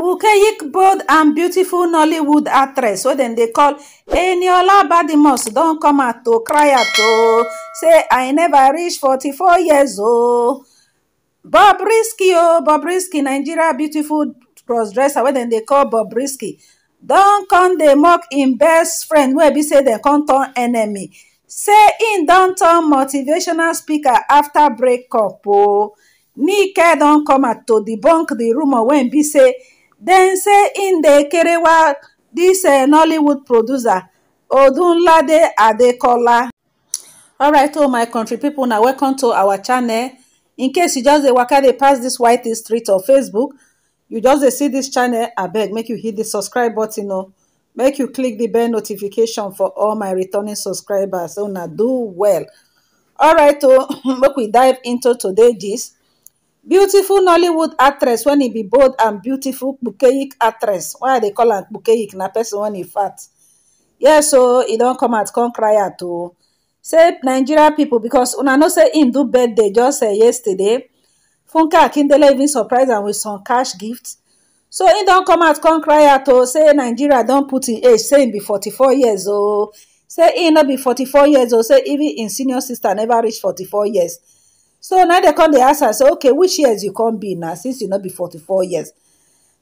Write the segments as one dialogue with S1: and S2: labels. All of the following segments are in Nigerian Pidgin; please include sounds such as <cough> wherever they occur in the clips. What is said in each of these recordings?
S1: Mukeyik bold and beautiful Nollywood actress wey dem dey call Eniola Badmus don come out to cry out o oh. say I never reach forty-four years o. Bobrisky o oh, Bobrisky Nigeria beautiful crossdresser wey dem dey call Bobrisky don come dey mock im best friend wey be say dem come turn enemy say im don turn motivational speaker after breakup o. Oh. Nike don come out to debunk the rumour wey be say dem say im dey kerewa dis uh, nollywood producer odunlade adekola alright o oh, my country pipo na welcome to our channel in case you just dey waka dey pass dis white street or facebook you just dey see dis channel abeg make you hit di subscribe button o oh. make you click di bell notification for all my returning subscribers una oh, do well alright o <laughs> make we dive into today gist beautiful nollywood actress When he be bold and beautiful kpukeyik actress why they call am kpukeyik na person when he fat yes o he don't come out come cry at o oh. say nigeria pipo becos una know say im do birthday just eh, yesterday funke akindele even surprise and with some cash gifts. so he don't come out come cry at o oh. say nigeria don't put in age say im be 44 years o oh. say he no be 44 years o say even im senior sister never reach 44 years so now dem come dey ask am say okay which years you come be na since you no be forty-four years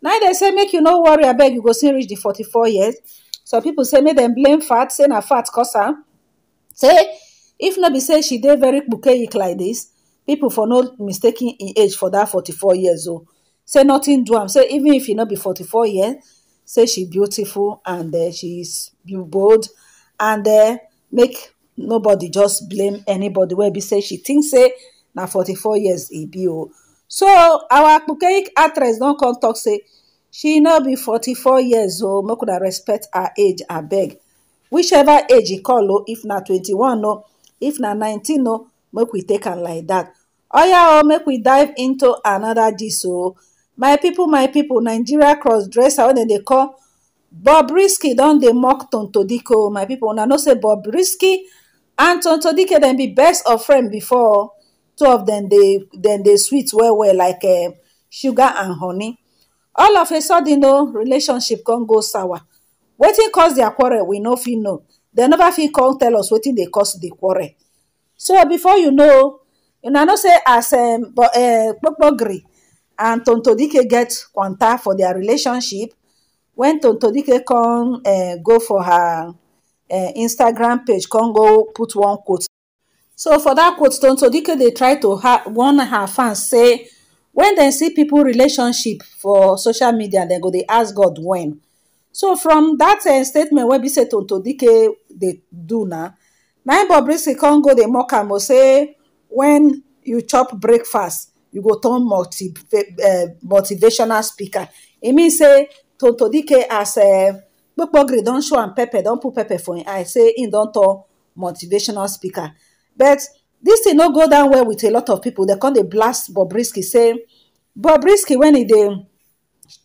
S1: now dem say make you no worry abeg you go soon reach the forty-four years some people say make dem blame fat say na fat cause am say if no be say she dey very kpukeyik like this, people for no mistaken in age for that forty-four years o oh. say nothing do am say even if you no be forty-four years say she beautiful and eh, she is bold and eh, make nobody just blame anybody wey be say she think say na 44 years e be o so our Kpokeyik actress don come talk say she no be 44 years old. make una respect her age abeg whichever age e call o if na 21 no, if na 19 no, make we take am like that. oya o make we dive into another gist o my people, my people, nigeria cross dresser wey dem dey call bobrisky don dey mock tontodiko my people, una know say Bob bobrisky and tontodike dem be best of friend before two of dem dey sweet well well like eh, sugar and honey all of a sudden know, relationship can go sour wetin cause dia quarrel we no feel know They never feel come tell us what they cause the quarrel so before you know you know say as um, eh, kpokpogiri and tontodike get kwanta for their relationship wen tontodike come eh, go for her instagram page congo go put one quote so for that quote tonto dike they try to warn her fans say when they see people relationship for social media they go They ask god when. so from dat eh, statement wey be say tonto dike they do na na im bobrisky can't go They mock am say when you chop breakfast you go turn eh, motivational speaker e means say tonto dike as gbogbo eh, gree don't show am pepper don't put pepper for im eye say in don't turn motivational speaker bet dis thing no go down well wit a lot of pipo dem come dey blast bobrisky say bobrisky wen e dey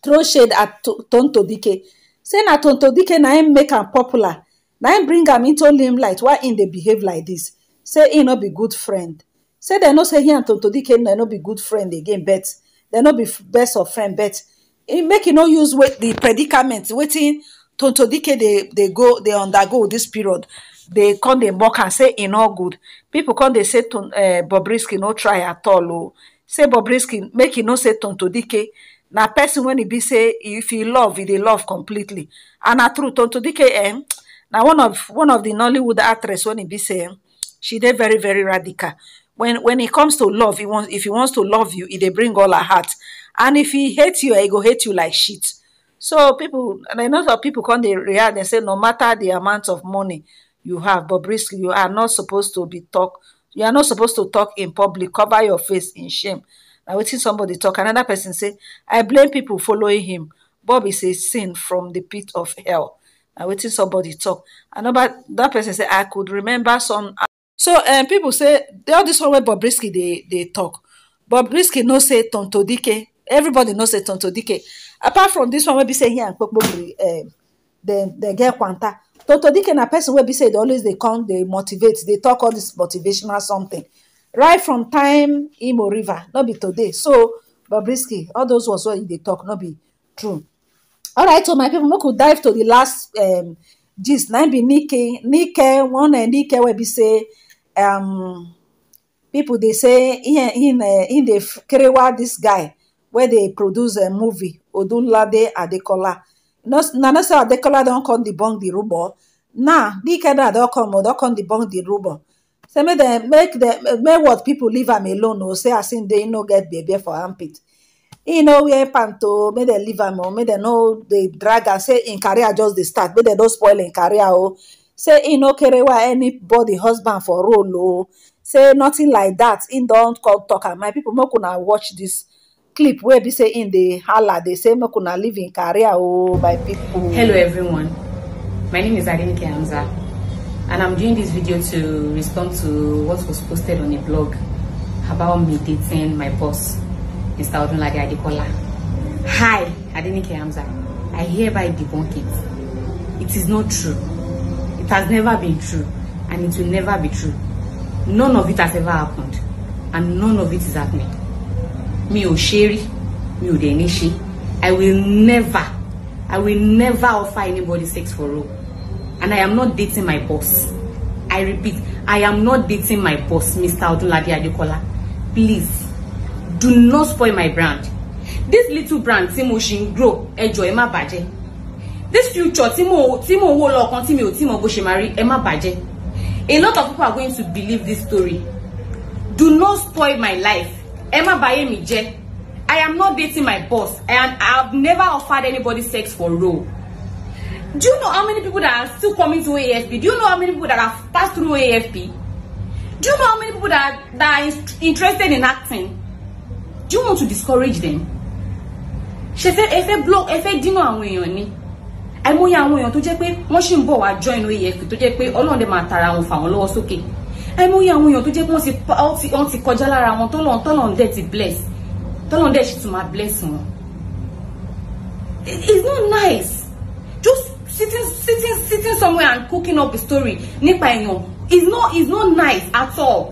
S1: throw shade at tonto dike say na tonto dike na im make am popular na im bring am into lim light while im dey behave like dis say im no be good friend say dem no say he and tonto dike no be good friend again bet dem no be best of friend bet make e no use di predicament wetin tonto dike go dey undergo dis period. they come dey mock and say e no good people come They say to eh, bobrisky no try at all Oh, say bobrisky make e no say to dike Now, person when he be say if he love he dey love completely and na true tonto dike eh, Now one of one of the nollywood actress when he be say eh, she dey very very radical when when e comes to love he wants if he wants to love you he dey bring all her heart and if he hate you eh, he go hate you like shit so people, and a lot of people come they react and say no matter the amount of money you have but briskly you are not supposed to be talk you are not supposed to talk in public cover your face in shame na wetin somebody talk another person say i blame people following him bob is a sin from the pit of hell na wetin somebody talk another that person say i could remember some so um, people say all this one wey bobrisky they they talk bobrisky no say tonto dike everybody knows say tonto dike apart from this one where be say here and kpokpo um, dem get quanta toto dike na person wey be say always they come they motivate they talk all this motivational something right from time imo river not be today so Bobrisky, all those words what they talk not be true all right so my people we could dive to the last um, gist nine be nike nike one and eh, nike wey be say um, people they say in the eh, kerewa this guy where they produce a eh, movie odunlade adekola na na no say adekola don come debunk di rumor now na di don come oh, don come debunk di rumor say make dem make dem make what pipo leave am alone o oh, say as asin dey no get bebe for armpit e no wear panto oh, make dem leave am o make dem no dey drag am say im career just dey start make dem no spoil im career o say im no carry why anybodi husband for role o say nothing like dat im don tok am my pipo make una watch dis. clip where be say in the hala they say make una live in career oh by people. hello everyone
S2: my name is adenike hamza and i'm doing this video to respond to what was posted on a blog about me dating my boss mr odunlade adekola hi adenike hamza i hereby debunk it it is not true it has never been true and it will never be true none of it has ever happened and none of it is happening mi ò ṣe rí mi ò dẹ̀ ní ṣe i will never i will never offer anybody sex for role and i am not dating my boss i repeat i am not dating my boss mr odunlade adekola please do not spoil my brand this little brand tí mo ṣì ń grow ẹ ẹ má bàjẹ́ this future tí mo tí mo wó lọ́kàn tí mi ò tí mọ̀ bó ṣe máa rí ẹ má bàjẹ́ a lot of people are going to believe this story do not spoil my life Emma, má bàyé mi I am not dating my boss and I have never offered anybody sex for role. Do you know how many people that are still coming to AFP? Do you know how many people that have passed through AFP? Do you know how many people that, that are interested in acting? Do you want to discourage them? Ṣé fẹ́ ẹ fẹ́ block ẹ fẹ́ dínà àwọn èèyàn ni? Àìmọye àwọn èèyàn tó jẹ́ pé wọ́n ṣì ń bọ̀ wá join AFP tó jẹ́ pé Ọlọ́run dẹ̀ máa tara wọn fà wọ́n lọ́wọ́ sókè ẹ mú yẹ àwọn èèyàn tó jẹ́ pé wọ́n ti kọjá lára wọn tọ́lọ̀ tọ́lọ̀ dẹ̀ ti bless tọ́lọ̀ dẹ̀ ṣì tún máa bless wọn. it's not nice just sitting sitting sitting somewhere and cooking up a story nípa èèyàn it's not it's not nice at all.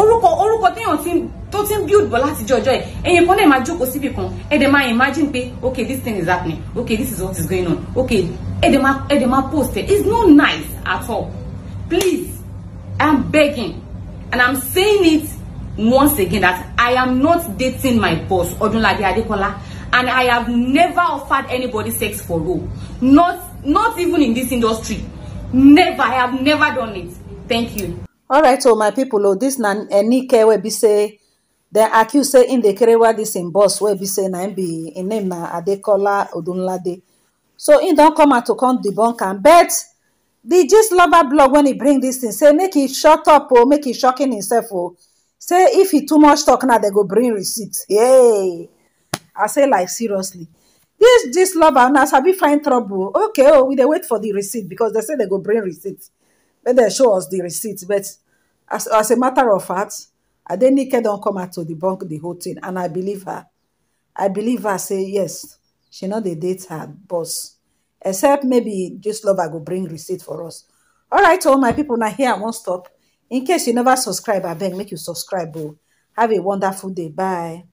S2: orúkọ orúkọ téèyàn ti tó ti ń build bọ̀ láti jọjọ́ ẹ̀ ẹ̀yìn kan náà máa jókòó síbì kan ẹ̀ dẹ̀ máa imagine pé okay this thing is happening okay this is what is going on okay ẹ̀ dẹ̀ máa ẹ̀ dẹ̀ máa post it it's not nice at all please I'm begging and I'm saying it once again that I am not dating my boss, Odunlade Adekola, and I have never offered anybody sex for role. Not not even in this industry. Never. I have never done it. Thank you.
S1: All right, so my people, oh, this na Enike wey be say dem accuse say im dey carry wa dis boss wey be say na im be im name na Adekola Odunlade. So im don't come out to come debunk am, but di gist lover blog when he bring this thing say make he shut up or oh, make he shocking himself o oh. say if he too much talk now they go bring receipt yay i say like seriously This gist lover now sabi find trouble okay oh, we they wait for the receipt because they say they go bring receipt make they show us the receipt but as as a matter of fact I adenike don't come out to debunk the whole thing and i believe her i believe her say yes she know dey date her boss except maybe just lover will bring receipt for us all right all oh, my people now here i won't stop in case you never subscribe i beg make you subscribe bro oh. have a wonderful day bye